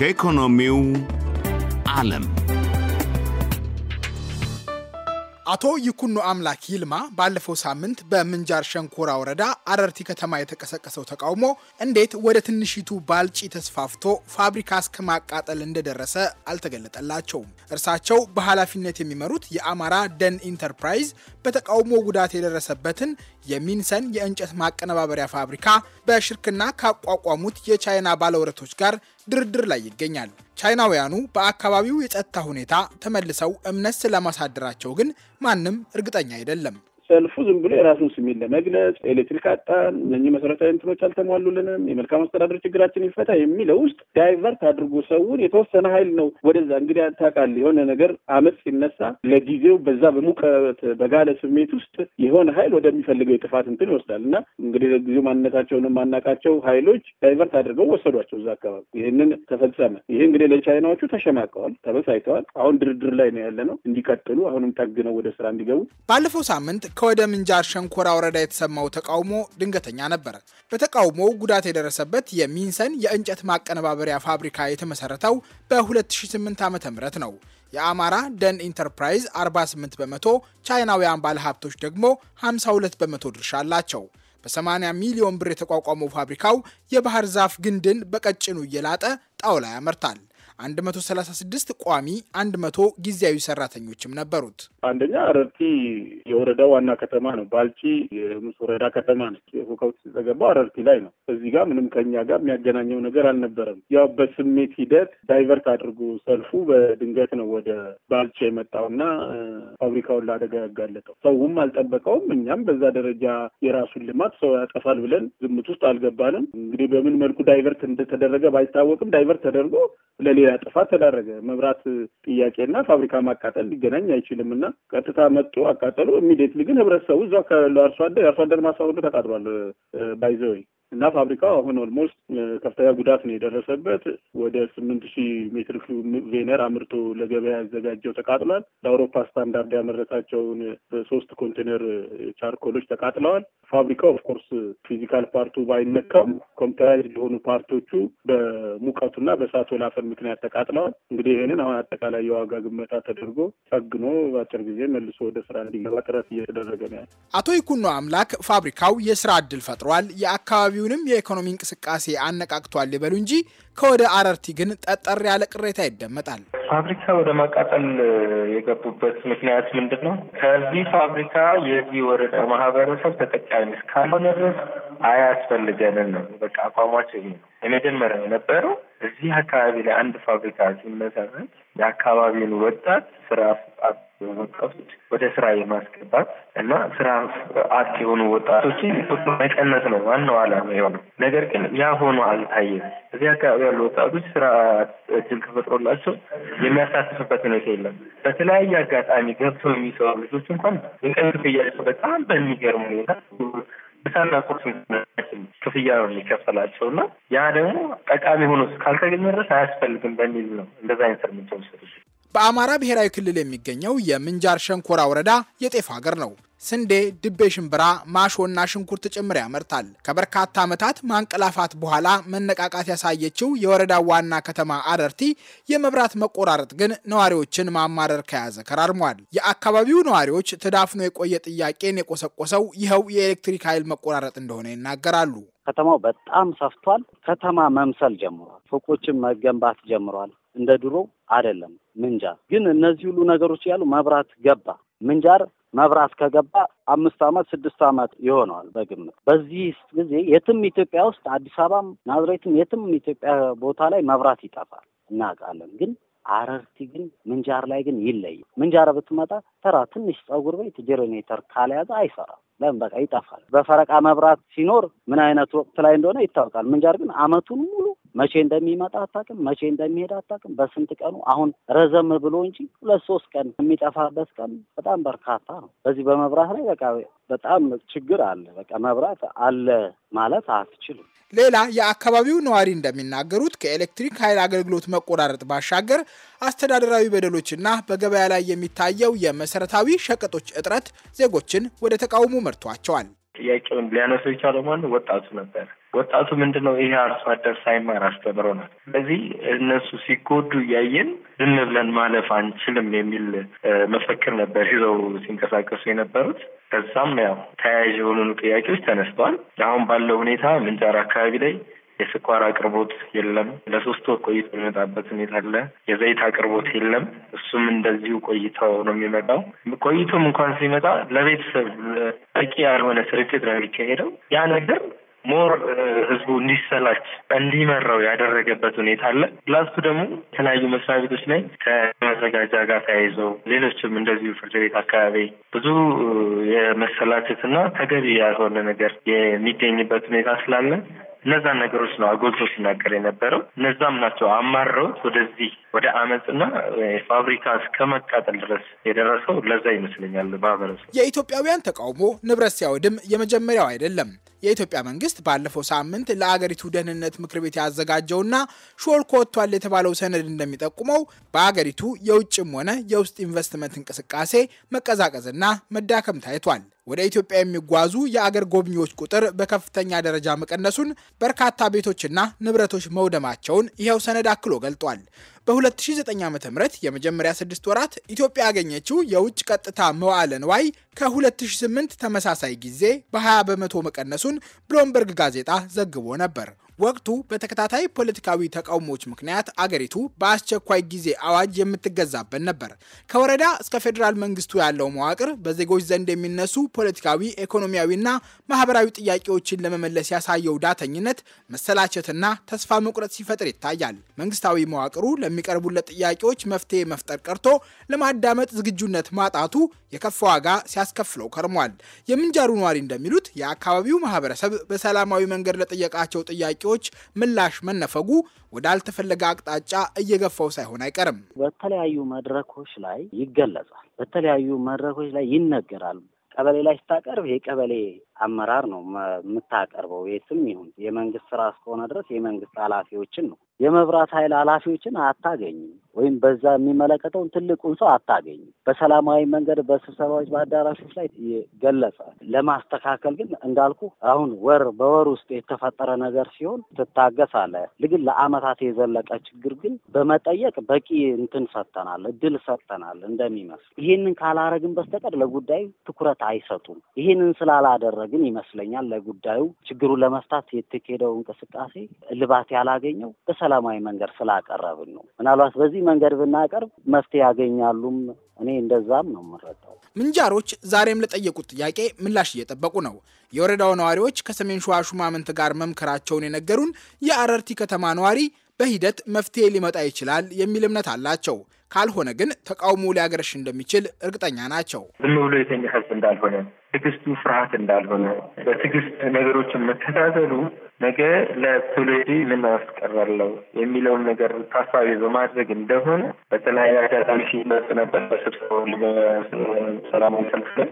ከኢኮኖሚው ዓለም አቶ ይኩኖ አምላክ ይልማ ባለፈው ሳምንት በምንጃር ሸንኮራ ወረዳ አረርቲ ከተማ የተቀሰቀሰው ተቃውሞ እንዴት ወደ ትንሽቱ ባልጪ ተስፋፍቶ ፋብሪካ እስከ ማቃጠል እንደደረሰ አልተገለጠላቸውም። እርሳቸው በኃላፊነት የሚመሩት የአማራ ደን ኢንተርፕራይዝ በተቃውሞ ጉዳት የደረሰበትን የሚንሰን የእንጨት ማቀነባበሪያ ፋብሪካ በሽርክና ካቋቋሙት የቻይና ባለውረቶች ጋር ድርድር ላይ ይገኛል። ቻይናውያኑ በአካባቢው የጸጥታ ሁኔታ ተመልሰው እምነት ስለማሳደራቸው ግን ማንም እርግጠኛ አይደለም። ሰልፉ ዝም ብሎ የራሱን ስሜት ለመግለጽ ኤሌክትሪክ አጣን፣ እነኚህ መሰረታዊ እንትኖች አልተሟሉልንም፣ የመልካም አስተዳደር ችግራችን ይፈታ የሚለው ውስጥ ዳይቨርት አድርጎ ሰውን የተወሰነ ሀይል ነው ወደዛ። እንግዲህ ታውቃለህ የሆነ ነገር አመፅ ሲነሳ ለጊዜው በዛ በሙቀት በጋለ ስሜት ውስጥ የሆነ ሀይል ወደሚፈልገው የጥፋት እንትን ይወስዳል እና እንግዲህ ለጊዜው ማንነታቸውን የማናውቃቸው ሀይሎች ዳይቨርት አድርገው ወሰዷቸው እዛ አካባቢ። ይህንን ተፈጸመ። ይሄ እንግዲህ ለቻይናዎቹ ተሸማቀዋል፣ ተበሳይተዋል። አሁን ድርድር ላይ ነው ያለ ነው እንዲቀጥሉ አሁንም ጠግነው ወደ ስራ እንዲገቡ ባለፈው ሳምንት ከወደ ምንጃር ሸንኮራ ወረዳ የተሰማው ተቃውሞ ድንገተኛ ነበር። በተቃውሞው ጉዳት የደረሰበት የሚንሰን የእንጨት ማቀነባበሪያ ፋብሪካ የተመሰረተው በ2008 ዓ.ም ነው። የአማራ ደን ኢንተርፕራይዝ 48 በመቶ፣ ቻይናውያን ባለሀብቶች ደግሞ 52 በመቶ ድርሻ አላቸው። በ80 ሚሊዮን ብር የተቋቋመው ፋብሪካው የባህር ዛፍ ግንድን በቀጭኑ እየላጠ ጣውላ ያመርታል። 136 ቋሚ፣ 100 ጊዜያዊ ሰራተኞችም ነበሩት። አንደኛ አረርቲ የወረዳ ዋና ከተማ ነው። ባልቺ የሙስ ወረዳ ከተማ ነች። ሁከቱ የተገባው አረርቲ ላይ ነው። እዚህ ጋር ምንም ከኛ ጋር የሚያገናኘው ነገር አልነበረም። ያው በስሜት ሂደት ዳይቨርት አድርጎ ሰልፉ በድንገት ነው ወደ የመጣው የመጣውና ፋብሪካውን ለአደጋ ያጋለጠው። ሰውም አልጠበቀውም። እኛም በዛ ደረጃ የራሱን ልማት ሰው ያጠፋል ብለን ዝምት ውስጥ አልገባንም። እንግዲህ በምን መልኩ ዳይቨርት እንደተደረገ ባይታወቅም ዳይቨርት ተደርጎ ለሌ ሌላ ጥፋት ተዳረገ። መብራት ጥያቄና ፋብሪካ ማቃጠል ሊገናኝ አይችልም እና ቀጥታ መጡ አቃጠሉ። ኢሚዲየትሊ ግን ህብረተሰቡ እዛ ከአርሶ አደር የአርሶ አደር ማሳ ሁሉ ተቃጥሏል ባይዘወይ uh, እና ፋብሪካው አሁን ኦልሞስት ከፍተኛ ጉዳት ነው የደረሰበት። ወደ ስምንት ሺህ ሜትር ቬነር አምርቶ ለገበያ ያዘጋጀው ተቃጥሏል። ለአውሮፓ ስታንዳርድ ያመረታቸውን ሶስት ኮንቴነር ቻርኮሎች ተቃጥለዋል። ፋብሪካው ኦፍኮርስ ፊዚካል ፓርቱ ባይነካም ኮምፒውተራይዝ የሆኑ ፓርቶቹ በሙቀቱና በእሳት ወላፈን ምክንያት ተቃጥለዋል። እንግዲህ ይህንን አሁን አጠቃላይ የዋጋ ግመታ ተደርጎ ጠግኖ በአጭር ጊዜ መልሶ ወደ ስራ እንዲገባ ጥረት እየተደረገ ነው ያለ አቶ ይኩኖ አምላክ ፋብሪካው የስራ እድል ፈጥሯል። የአካባቢው አካባቢውንም የኢኮኖሚ እንቅስቃሴ አነቃቅቷል ይበሉ እንጂ ከወደ አረርቲ ግን ጠጠር ያለ ቅሬታ ይደመጣል። ፋብሪካ ወደ ማቃጠል የገቡበት ምክንያት ምንድን ነው? ከዚህ ፋብሪካ የዚህ ወረዳ ማህበረሰብ ተጠቃሚ እስካልሆነ ድረስ አያስፈልገንን ነው። በቃ አቋማቸው የመጀመሪያ የነበረው እዚህ አካባቢ ላይ አንድ ፋብሪካ ሲመሰረት የአካባቢውን ወጣት ስራ ፍጣት ወጣቶች ወደ ስራ የማስገባት እና ስራ አት የሆኑ ወጣቶችን መቀነስ ነው ዋናው ዓላማ የሆነው። ነገር ግን ያ ሆኖ አልታየም። እዚህ አካባቢ ያሉ ወጣቶች ስራ እድል ተፈጥሮላቸው የሚያሳትፍበት ሁኔታ የለም። በተለያየ አጋጣሚ ገብተው የሚሰሩ ልጆች እንኳን የቀን ክፍያቸው በጣም በሚገርም ሁኔታ ሳና ቁርስ ክፍያ ነው የሚከፈላቸው እና ያ ደግሞ ጠቃሚ ሆኖ እስካልተገኘ ድረስ አያስፈልግም በሚል ነው እንደዛ አይነት እርምጃ ወሰዱት። በአማራ ብሔራዊ ክልል የሚገኘው የምንጃር ሸንኮራ ወረዳ የጤፍ ሀገር ነው። ስንዴ፣ ድቤ፣ ሽምብራ፣ ማሾና ሽንኩርት ጭምር ያመርታል። ከበርካታ ዓመታት ማንቀላፋት በኋላ መነቃቃት ያሳየችው የወረዳው ዋና ከተማ አረርቲ የመብራት መቆራረጥ ግን ነዋሪዎችን ማማረር ከያዘ ከራርሟል። የአካባቢው ነዋሪዎች ተዳፍኖ የቆየ ጥያቄን የቆሰቆሰው ይኸው የኤሌክትሪክ ኃይል መቆራረጥ እንደሆነ ይናገራሉ። ከተማው በጣም ሰፍቷል። ከተማ መምሰል ጀምሯል። ፎቆችን መገንባት ጀምሯል። እንደ ድሮ አይደለም። ምንጃር ግን እነዚህ ሁሉ ነገሮች ያሉ መብራት ገባ። ምንጃር መብራት ከገባ አምስት ዓመት ስድስት ዓመት ይሆነዋል በግምት። በዚህ ጊዜ የትም ኢትዮጵያ ውስጥ አዲስ አበባም ናዝሬትም የትም ኢትዮጵያ ቦታ ላይ መብራት ይጠፋል እናውቃለን። ግን አረርቲ ግን ምንጃር ላይ ግን ይለይ። ምንጃር ብትመጣ ተራ ትንሽ ጸጉር ቤት ጀሬኔተር ካልያዘ አይሰራም። ለምን በቃ ይጠፋል። በፈረቃ መብራት ሲኖር ምን አይነት ወቅት ላይ እንደሆነ ይታወቃል። ምንጃር ግን አመቱን ሙሉ መቼ እንደሚመጣ አታውቅም፣ መቼ እንደሚሄድ አታውቅም። በስንት ቀኑ አሁን ረዘም ብሎ እንጂ ሁለት ሶስት ቀን የሚጠፋበት ቀን በጣም በርካታ ነው። በዚህ በመብራት ላይ በቃ በጣም ችግር አለ። በቃ መብራት አለ ማለት አትችልም። ሌላ የአካባቢው ነዋሪ እንደሚናገሩት ከኤሌክትሪክ ኃይል አገልግሎት መቆራረጥ ባሻገር አስተዳደራዊ በደሎችና በገበያ ላይ የሚታየው የመሰረታዊ ሸቀጦች እጥረት ዜጎችን ወደ ተቃውሞ መርቷቸዋል። ጥያቄውን ሊያነሱ የቻለው ማን ወጣቱ ነበር። ወጣቱ ምንድን ነው ይሄ አርሶ አደር ሳይማር አስተምሮናል። ስለዚህ እነሱ ሲጎዱ እያየን ዝም ብለን ማለፍ አንችልም የሚል መፈክር ነበር ይዘው ሲንቀሳቀሱ የነበሩት። ከዛም ያው ተያያዥ የሆኑ ጥያቄዎች ተነስተዋል። አሁን ባለው ሁኔታ ምንጃር አካባቢ ላይ የስኳር አቅርቦት የለም። ለሶስት ወር ቆይቶ የሚመጣበት ሁኔታ አለ። የዘይት አቅርቦት የለም። እሱም እንደዚሁ ቆይተው ነው የሚመጣው። ቆይቶም እንኳን ሲመጣ ለቤተሰብ በቂ ያልሆነ ስርጭት ነው የሚካሄደው። ያ ነገር ሞር ህዝቡ እንዲሰላች እንዲመራው ያደረገበት ሁኔታ አለ። ላስቱ ደግሞ የተለያዩ መስሪያ ቤቶች ላይ ከመዘጋጃ ጋር ተያይዘው ሌሎችም እንደዚሁ ፍርድ ቤት አካባቢ ብዙ የመሰላቸት እና ተገቢ ያልሆነ ነገር የሚገኝበት ሁኔታ ስላለ እነዛን ነገሮች ነው አጎልቶ ሲናገር የነበረው። እነዛም ናቸው አማረውት ወደዚህ ወደ አመፅና ፋብሪካ እስከመቃጠል ድረስ የደረሰው ለዛ ይመስለኛል። ማህበረሰብ የኢትዮጵያውያን ተቃውሞ ንብረት ሲያወድም የመጀመሪያው አይደለም። የኢትዮጵያ መንግስት ባለፈው ሳምንት ለአገሪቱ ደህንነት ምክር ቤት ያዘጋጀውና ሾልኮ ወጥቷል የተባለው ሰነድ እንደሚጠቁመው በአገሪቱ የውጭም ሆነ የውስጥ ኢንቨስትመንት እንቅስቃሴ መቀዛቀዝና መዳከም ታይቷል። ወደ ኢትዮጵያ የሚጓዙ የአገር ጎብኚዎች ቁጥር በከፍተኛ ደረጃ መቀነሱን፣ በርካታ ቤቶችና ንብረቶች መውደማቸውን ይኸው ሰነድ አክሎ ገልጧል። በ2009 ዓ ም የመጀመሪያ ስድስት ወራት ኢትዮጵያ ያገኘችው የውጭ ቀጥታ መዋለ ንዋይ ከ2008 ተመሳሳይ ጊዜ በ20 በመቶ መቀነሱን ብሎምበርግ ጋዜጣ ዘግቦ ነበር። ወቅቱ በተከታታይ ፖለቲካዊ ተቃውሞዎች ምክንያት አገሪቱ በአስቸኳይ ጊዜ አዋጅ የምትገዛበት ነበር። ከወረዳ እስከ ፌዴራል መንግስቱ ያለው መዋቅር በዜጎች ዘንድ የሚነሱ ፖለቲካዊ፣ ኢኮኖሚያዊና ማህበራዊ ጥያቄዎችን ለመመለስ ያሳየው ዳተኝነት መሰላቸትና ተስፋ መቁረጥ ሲፈጥር ይታያል። መንግስታዊ መዋቅሩ ለሚቀርቡለት ጥያቄዎች መፍትሄ መፍጠር ቀርቶ ለማዳመጥ ዝግጁነት ማጣቱ የከፋ ዋጋ ሲያስከፍለው ከርሟል። የምንጃሩ ነዋሪ እንደሚሉት የአካባቢው ማህበረሰብ በሰላማዊ መንገድ ለጠየቃቸው ጥያቄዎች ጥያቄዎች ምላሽ መነፈጉ ወደ አልተፈለገ አቅጣጫ እየገፋው ሳይሆን አይቀርም። በተለያዩ መድረኮች ላይ ይገለጻል፣ በተለያዩ መድረኮች ላይ ይነገራል። ቀበሌ ላይ ስታቀርብ የቀበሌ አመራር ነው የምታቀርበው። የትም ይሁን የመንግስት ስራ እስከሆነ ድረስ የመንግስት ኃላፊዎችን ነው የመብራት ኃይል ኃላፊዎችን አታገኝም፣ ወይም በዛ የሚመለከተውን ትልቁን ሰው አታገኝም። በሰላማዊ መንገድ በስብሰባዎች በአዳራሾች ላይ ገለጸ። ለማስተካከል ግን እንዳልኩ አሁን ወር በወር ውስጥ የተፈጠረ ነገር ሲሆን ትታገሳለ። ግን ለአመታት የዘለቀ ችግር ግን በመጠየቅ በቂ እንትን ሰጥተናል፣ እድል ሰጥተናል እንደሚመስል ይህንን ካላረግን በስተቀር ለጉዳዩ ትኩረት አይሰጡም። ይህንን ስላላደረ ያደረግን ይመስለኛል። ለጉዳዩ ችግሩን ለመፍታት የተካሄደው እንቅስቃሴ እልባት ያላገኘው በሰላማዊ መንገድ ስላቀረብን ነው። ምናልባት በዚህ መንገድ ብናቀርብ መፍትሄ ያገኛሉም። እኔ እንደዛም ነው የምረዳው። ምንጃሮች ዛሬም ለጠየቁት ጥያቄ ምላሽ እየጠበቁ ነው። የወረዳው ነዋሪዎች ከሰሜን ሸዋ ሹማምንት ጋር መምከራቸውን የነገሩን የአረርቲ ከተማ ነዋሪ በሂደት መፍትሄ ሊመጣ ይችላል የሚል እምነት አላቸው። ካልሆነ ግን ተቃውሞ ሊያገረሽ እንደሚችል እርግጠኛ ናቸው። ዝም ብሎ የተኛ ህዝብ እንዳልሆነ፣ ትዕግስቱ ፍርሃት እንዳልሆነ፣ በትዕግስት ነገሮችን መከታተሉ ነገ ለትውልድ ምን አስቀራለሁ የሚለውን ነገር ታሳቢ በማድረግ እንደሆነ በተለያዩ አጋጣሚ ሲመጽ ነበር። በስብሰባው በሰላማዊ ሰልፍ ላይ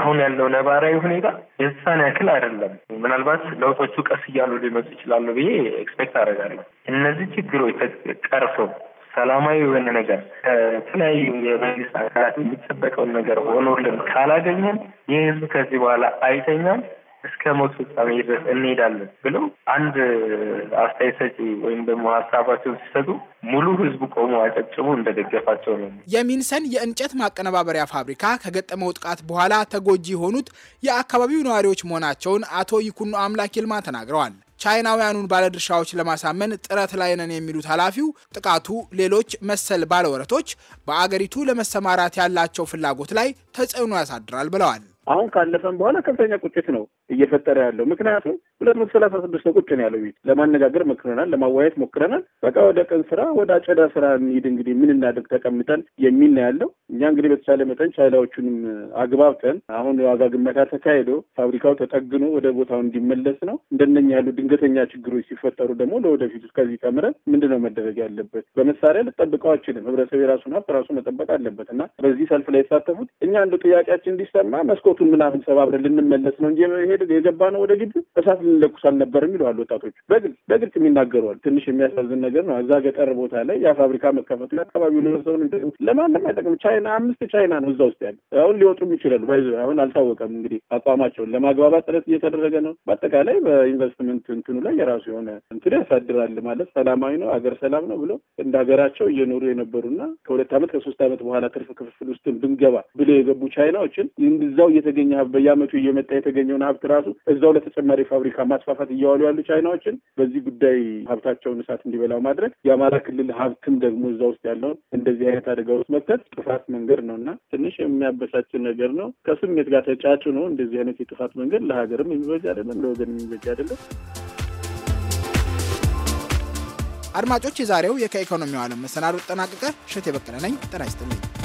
አሁን ያለው ነባራዊ ሁኔታ የተሳን ያክል አይደለም። ምናልባት ለውጦቹ ቀስ እያሉ ሊመጡ ይችላሉ ብዬ ኤክስፔክት አደርጋለሁ። እነዚህ ችግሮች ቀርፈው ሰላማዊ የሆነ ነገር ከተለያዩ የመንግስት አካላት የሚጠበቀውን ነገር ሆኖልን ካላገኘን ይህ ህዝብ ከዚህ በኋላ አይተኛም እስከ ሞት ፍጻሜ ድረስ እንሄዳለን ብለው አንድ አስተያየት ሰጪ ወይም ደግሞ ሀሳባቸውን ሲሰጡ ሙሉ ህዝቡ ቆሞ አጨብጭቦ እንደደገፋቸው ነው። የሚንሰን የእንጨት ማቀነባበሪያ ፋብሪካ ከገጠመው ጥቃት በኋላ ተጎጂ የሆኑት የአካባቢው ነዋሪዎች መሆናቸውን አቶ ይኩኖ አምላክ ይልማ ተናግረዋል። ቻይናውያኑን ባለድርሻዎች ለማሳመን ጥረት ላይ ነን የሚሉት ኃላፊው ጥቃቱ ሌሎች መሰል ባለወረቶች በአገሪቱ ለመሰማራት ያላቸው ፍላጎት ላይ ተጽዕኖ ያሳድራል ብለዋል። አሁን ካለፈም በኋላ ከፍተኛ ቁጭት ነው እየፈጠረ ያለው ምክንያቱም ሁለት መቶ ሰላሳ ስድስት ነው ቁጭ ነው ያለው ቤት ለማነጋገር ሞክረናል፣ ለማዋየት ሞክረናል። በቃ ወደ ቀን ስራ ወደ አጨዳ ስራ እንሂድ እንግዲህ ምን እናድርግ ተቀምጠን የሚል ነው ያለው። እኛ እንግዲህ በተቻለ መጠን ቻይላዎቹንም አግባብተን አሁን የዋጋ ግመታ ተካሂዶ ፋብሪካው ተጠግኖ ወደ ቦታው እንዲመለስ ነው። እንደነኛ ያሉ ድንገተኛ ችግሮች ሲፈጠሩ ደግሞ ለወደፊቱ ከዚህ ተምረን ምንድን ነው መደረግ ያለበት በመሳሪያ ልጠብቀው አችልም። ህብረተሰብ የራሱን ሀብት ራሱ መጠበቅ አለበት እና በዚህ ሰልፍ ላይ የተሳተፉት እኛ አንዱ ጥያቄያችን እንዲሰማ መስኮቱን ምናምን ሰባብረን ልንመለስ ነው እንጂ የገባ ነው ወደ ግድ እሳት ልንለኩስ አልነበርም ይለዋል ወጣቶች በግልጽ በግልጽ የሚናገረዋል። ትንሽ የሚያሳዝን ነገር ነው። እዛ ገጠር ቦታ ላይ ያ ፋብሪካ መከፈቱ የአካባቢው ለሰው ለማንም አይጠቅም። ቻይና አምስት ቻይና ነው እዛ ውስጥ ያለ። አሁን ሊወጡም ይችላሉ። አሁን አልታወቀም እንግዲህ አቋማቸውን ለማግባባት ጥረት እየተደረገ ነው። በአጠቃላይ በኢንቨስትመንት እንትኑ ላይ የራሱ የሆነ እንትን ያሳድራል ማለት ሰላማዊ ነው፣ አገር ሰላም ነው ብለው እንደ ሀገራቸው እየኖሩ የነበሩና ከሁለት ዓመት ከሶስት ዓመት በኋላ ትርፍ ክፍፍል ውስጥ ብንገባ ብለው የገቡ ቻይናዎችን እዛው እየተገኘ በየዓመቱ እየመጣ የተገኘውን ሀብት ፕሮጀክት ራሱ እዛው ለተጨማሪ ፋብሪካ ማስፋፋት እያዋሉ ያሉ ቻይናዎችን በዚህ ጉዳይ ሀብታቸውን እሳት እንዲበላው ማድረግ የአማራ ክልል ሀብትም ደግሞ እዛ ውስጥ ያለውን እንደዚህ አይነት አደጋ ውስጥ መክተት ጥፋት መንገድ ነው እና ትንሽ የሚያበሳችን ነገር ነው። ከስሜት ጋር ተጫጭኖ እንደዚህ አይነት የጥፋት መንገድ ለሀገርም የሚበጅ አይደለም፣ ለወገን የሚበጅ አይደለም። አድማጮች፣ የዛሬው የከኢኮኖሚው ዓለም መሰናዶ ተጠናቀቀ። እሸቴ በቀለ ነኝ። ጤና ይስጥልኝ።